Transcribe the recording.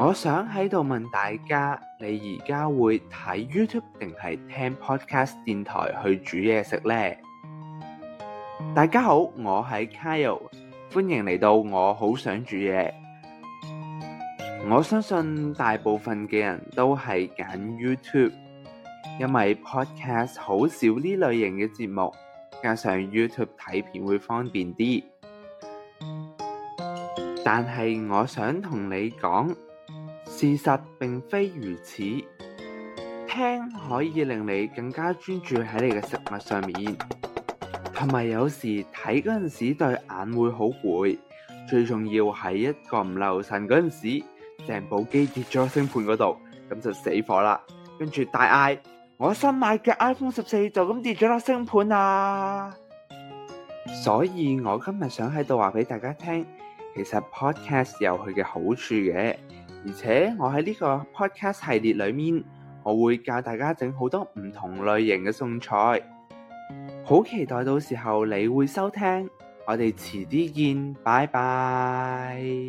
我想喺度問大家，你而家會睇 YouTube 定係聽 Podcast 電台去煮嘢食呢？大家好，我係 Kyle，歡迎嚟到我好想煮嘢。我相信大部分嘅人都係揀 YouTube，因為 Podcast 好少呢類型嘅節目，加上 YouTube 睇片會方便啲。但係我想同你講。事實並非如此，聽可以令你更加專注喺你嘅食物上面，同埋有，有時睇嗰陣時對眼會好攰。最重要係一個唔留神嗰陣時，成部機跌咗星盤嗰度，咁就死火啦。跟住大嗌：我新買嘅 iPhone 十四就咁跌咗粒星盤啊！所以我今日想喺度話俾大家聽，其實 Podcast 有佢嘅好處嘅。而且我喺呢個 podcast 系列裏面，我會教大家整好多唔同類型嘅餸菜，好期待到時候你會收聽，我哋遲啲見，拜拜。